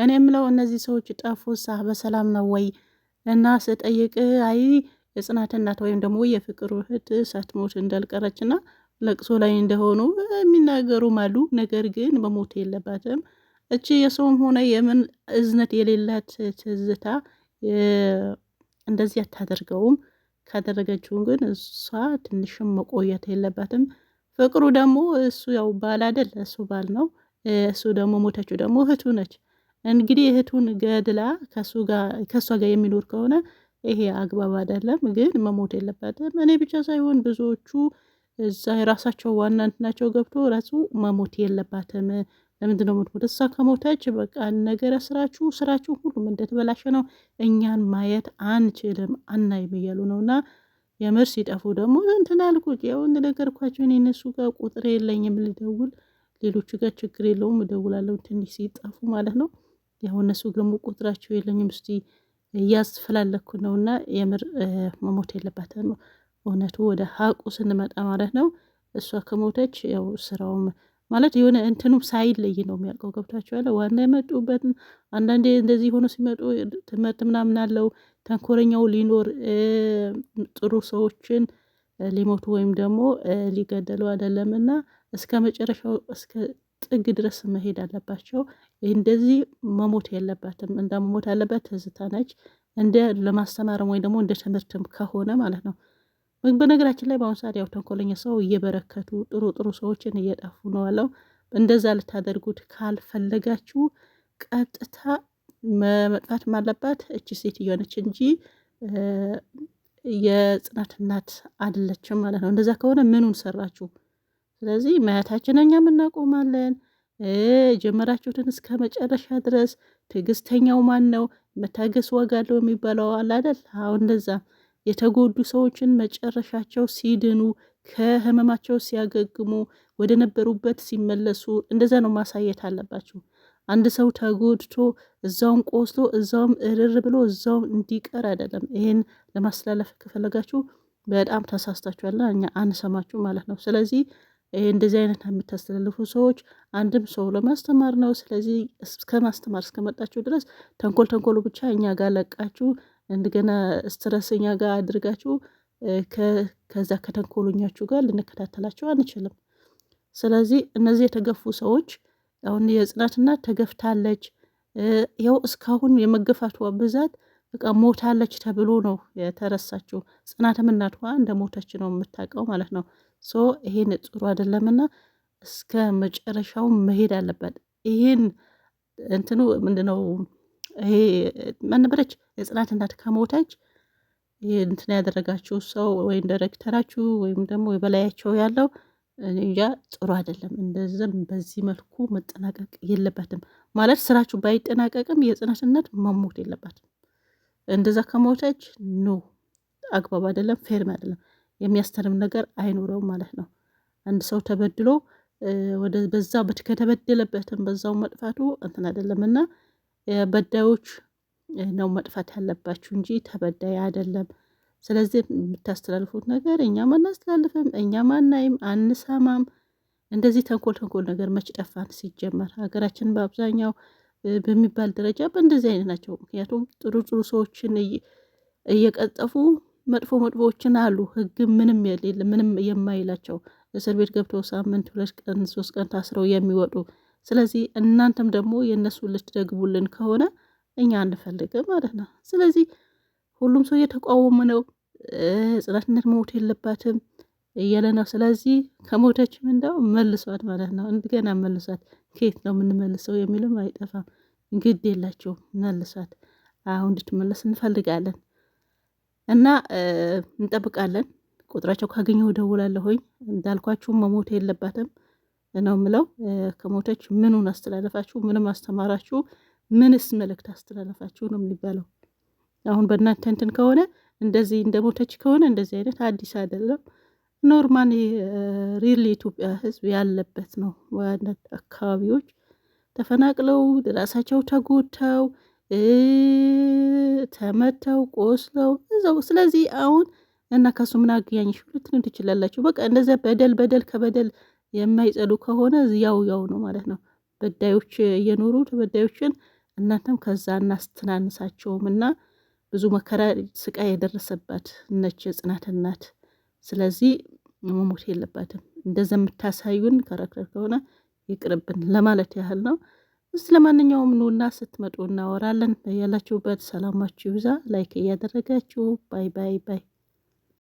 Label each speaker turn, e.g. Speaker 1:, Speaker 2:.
Speaker 1: እኔ የምለው እነዚህ ሰዎች ጠፉሳ በሰላም ነው ወይ? እና ስጠይቅ አይ የጽናት እናት ወይም ደግሞ የፍቅሩ እህት ሳትሞት እንዳልቀረችና ለቅሶ ላይ እንደሆኑ የሚናገሩም አሉ። ነገር ግን መሞት የለባትም እቺ የሰውም ሆነ የምን እዝነት የሌላት ትዝታ እንደዚህ አታደርገውም። ካደረገችውን ግን እሷ ትንሽም መቆየት የለባትም። ፍቅሩ ደግሞ እሱ ያው ባል አይደል? እሱ ባል ነው። እሱ ደግሞ ሞተችው ደግሞ እህቱ ነች። እንግዲህ እህቱን ገድላ ከእሷ ጋር የሚኖር ከሆነ ይሄ አግባብ አይደለም፣ ግን መሞት የለበትም። እኔ ብቻ ሳይሆን ብዙዎቹ እዛ የራሳቸው ዋና እንትናቸው ገብቶ ረሱ መሞት የለባትም። ለምንድን ነው የምትሞት? እሷ ከሞተች በቃ ነገረ ስራችሁ ስራችሁ ሁሉም እንደተበላሸ ነው። እኛን ማየት አንችልም፣ አናይም እያሉ ነው እና የምር ሲጠፉ ደግሞ እንትን አልኩት። ያው እንደነገርኳቸው እኔ እነሱ ጋር ቁጥር የለኝም ልደውል፣ ሌሎቹ ጋር ችግር የለውም እደውላለሁ፣ ትንሽ ሲጠፉ ማለት ነው። ያው እነሱ ደግሞ ቁጥራቸው የለኝም ስ እያስፈላለኩ ነው እና የምር መሞት የለባትም ነው እውነቱ ወደ ሀቁ ስንመጣ ማለት ነው። እሷ ከሞተች ያው ስራውም ማለት የሆነ እንትኑም ሳይለይ ነው የሚያልቀው። ገብቷችኋል? ዋና የመጡበት አንዳንዴ እንደዚህ ሆኖ ሲመጡ ትምህርት ምናምን አለው። ተንኮረኛው ሊኖር ጥሩ ሰዎችን ሊሞቱ ወይም ደግሞ ሊገደሉ አይደለምና እስከ መጨረሻው እስከ ጥግ ድረስ መሄድ አለባቸው። እንደዚህ መሞት የለባትም። እንደ መሞት ያለበት ትዝታ ነች። እንደ ለማስተማርም ወይ ደግሞ እንደ ትምህርትም ከሆነ ማለት ነው። በነገራችን ላይ በአሁኑ ሰዓት ያው ተንኮለኛ ሰው እየበረከቱ ጥሩ ጥሩ ሰዎችን እየጠፉ ነው አለው። እንደዛ ልታደርጉት ካልፈለጋችሁ ቀጥታ መጥፋት አለባት እቺ ሴት እየሆነች እንጂ የጽናት እናት አይደለችም ማለት ነው። እንደዛ ከሆነ ምኑን ሰራችሁ? ስለዚህ ማየታችን እኛም እናቆማለን። ጀመራችሁትን እስከ መጨረሻ ድረስ ትዕግስተኛው ማን ነው? መታገስ ዋጋ አለው የሚባለው አለ አይደል? አሁን እንደዛ የተጎዱ ሰዎችን መጨረሻቸው ሲድኑ ከህመማቸው ሲያገግሙ ወደ ነበሩበት ሲመለሱ እንደዛ ነው ማሳየት አለባችሁ። አንድ ሰው ተጎድቶ እዛውም ቆስሎ እዛውም እርር ብሎ እዛውም እንዲቀር አይደለም። ይሄን ለማስተላለፍ ከፈለጋችሁ በጣም ተሳስታችኋልና እኛ አንሰማችሁ ማለት ነው። ስለዚህ እንደዚህ አይነት የምታስተላልፉ ሰዎች አንድም ሰው ለማስተማር ነው። ስለዚህ እስከ ማስተማር እስከመጣችሁ ድረስ ተንኮል ተንኮሉ ብቻ እኛ ጋር ለቃችሁ እንደገና ስትረስ እኛ ጋር አድርጋችሁ ከዛ ከተንኮሉኛችሁ ጋር ልንከታተላችሁ አንችልም። ስለዚህ እነዚህ የተገፉ ሰዎች አሁን የጽናት እናት ተገፍታለች። ያው እስካሁን የመገፋቷ ብዛት በቃ ሞታለች ተብሎ ነው የተረሳችው። ጽናትም እናቷ እንደ ሞተች ነው የምታውቀው ማለት ነው። ሶ ይሄን ጥሩ አይደለምና እስከ መጨረሻው መሄድ አለበት። ይሄን እንትኑ ምንድነው? ይሄ መንበረች የጽናት እናት ከሞተች እንትን ያደረጋችሁ ሰው ወይም ዳይሬክተራችሁ ወይም ደግሞ የበላያቸው ያለው እንጃ ጥሩ አይደለም። እንደዚም በዚህ መልኩ መጠናቀቅ የለበትም ማለት ስራችሁ ባይጠናቀቅም የጽናት እናት መሞት የለባትም። እንደዛ ከሞተች ኖ አግባብ አይደለም፣ ፌርም አይደለም። የሚያስተርም ነገር አይኖረውም ማለት ነው። አንድ ሰው ተበድሎ ወደ በዛ ከተበደለበትም በዛው መጥፋቱ እንትን አይደለም እና በዳዮች ነው መጥፋት ያለባችሁ እንጂ ተበዳይ አይደለም። ስለዚህ የምታስተላልፉት ነገር እኛም አናስተላልፍም፣ እኛም አናይም፣ አንሰማም። እንደዚህ ተንኮል ተንኮል ነገር መች ጠፋን? ሲጀመር ሀገራችን በአብዛኛው በሚባል ደረጃ በእንደዚህ አይነት ናቸው። ምክንያቱም ጥሩ ጥሩ ሰዎችን እየቀጠፉ መጥፎ መጥፎዎችን አሉ ህግ ምንም የሌለ ምንም የማይላቸው እስር ቤት ገብተው ሳምንት ሁለት ቀን ሶስት ቀን ታስረው የሚወጡ ስለዚህ እናንተም ደግሞ የእነሱ ልትደግቡልን ከሆነ እኛ አንፈልግም ማለት ነው። ስለዚህ ሁሉም ሰው እየተቃወሙ ነው። ጽናትነት መሞት የለባትም እያለ ነው። ስለዚህ ከሞተችም እንደው መልሷት ማለት ነው። እንደገና መልሷት፣ ከየት ነው የምንመልሰው የሚልም አይጠፋም። ግድ የላቸውም መልሷት። አሁን እንድትመለስ እንፈልጋለን። እና እንጠብቃለን። ቁጥራቸው ካገኘው እደውላለሁኝ እንዳልኳችሁም መሞት የለባትም ነው የምለው። ከሞተች ምኑን አስተላለፋችሁ? ምንም አስተማራችሁ? ምንስ መልእክት አስተላለፋችሁ ነው የሚባለው። አሁን በእናንተ እንትን ከሆነ እንደዚህ እንደሞተች ከሆነ እንደዚህ አይነት አዲስ አይደለም። ኖርማል ሪል የኢትዮጵያ ሕዝብ ያለበት ነው። ዋነት አካባቢዎች ተፈናቅለው ራሳቸው ተጎድተው ተመተው ቆስለው እዛው። ስለዚህ አሁን እና ከሱ ምን አገናኘሽ ልትሉ ትችላላችሁ። በቃ እንደዚያ በደል በደል ከበደል የማይጸዱ ከሆነ ያው ያው ነው ማለት ነው። በዳዮች እየኖሩ ተበዳዮችን እናንተም ከዛ እናስትናንሳቸውም እና ብዙ መከራ ስቃይ የደረሰባት ነች ጽናት እናት። ስለዚህ መሞት የለባትም። እንደዚ የምታሳዩን ከረክረር ከሆነ ይቅርብን ለማለት ያህል ነው። ለማንኛውም ኑና ስትመጡ እናወራለን። ያላችሁበት ሰላማችሁ ይብዛ። ላይክ እያደረጋችሁ ባይ ባይ ባይ።